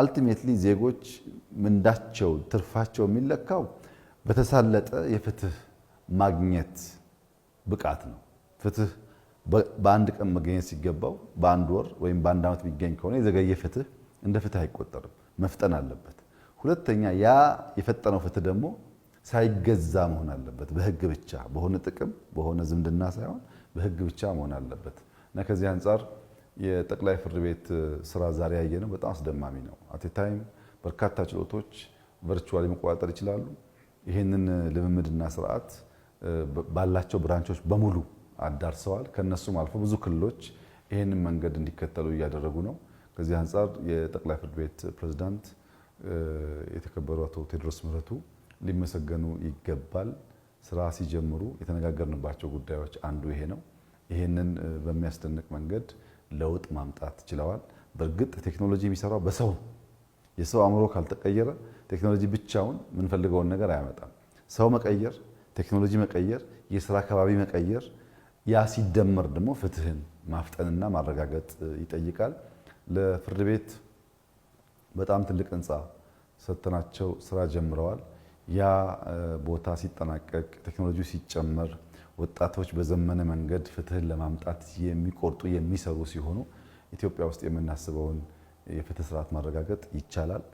አልቲሜትሊ ዜጎች ምንዳቸው ትርፋቸው የሚለካው በተሳለጠ የፍትህ ማግኘት ብቃት ነው። ፍትህ በአንድ ቀን መገኘት ሲገባው በአንድ ወር ወይም በአንድ ዓመት የሚገኝ ከሆነ የዘገየ ፍትህ እንደ ፍትህ አይቆጠርም። መፍጠን አለበት። ሁለተኛ ያ የፈጠነው ፍትህ ደግሞ ሳይገዛ መሆን አለበት። በህግ ብቻ በሆነ ጥቅም በሆነ ዝምድና ሳይሆን በህግ ብቻ መሆን አለበት እና ከዚህ አንጻር የጠቅላይ ፍርድ ቤት ስራ ዛሬ ያየነው በጣም አስደማሚ ነው። አቴ ታይም በርካታ ችሎቶች ቨርቹዋሊ መቆጣጠር ይችላሉ። ይህንን ልምምድና ስርዓት ባላቸው ብራንቾች በሙሉ አዳርሰዋል። ከነሱም አልፎ ብዙ ክልሎች ይህንን መንገድ እንዲከተሉ እያደረጉ ነው። ከዚህ አንጻር የጠቅላይ ፍርድ ቤት ፕሬዝዳንት የተከበሩ አቶ ቴዎድሮስ ምህረቱ ሊመሰገኑ ይገባል። ስራ ሲጀምሩ የተነጋገርንባቸው ጉዳዮች አንዱ ይሄ ነው። ይህንን በሚያስደንቅ መንገድ ለውጥ ማምጣት ችለዋል። በእርግጥ ቴክኖሎጂ የሚሰራው በሰው የሰው አእምሮ ካልተቀየረ ቴክኖሎጂ ብቻውን የምንፈልገውን ነገር አያመጣም። ሰው መቀየር፣ ቴክኖሎጂ መቀየር፣ የስራ አካባቢ መቀየር፣ ያ ሲደመር ደግሞ ፍትህን ማፍጠንና ማረጋገጥ ይጠይቃል። ለፍርድ ቤት በጣም ትልቅ ህንፃ ሰጥተናቸው ስራ ጀምረዋል። ያ ቦታ ሲጠናቀቅ ቴክኖሎጂ ሲጨመር ወጣቶች በዘመነ መንገድ ፍትህን ለማምጣት የሚቆርጡ የሚሰሩ ሲሆኑ ኢትዮጵያ ውስጥ የምናስበውን የፍትህ ስርዓት ማረጋገጥ ይቻላል።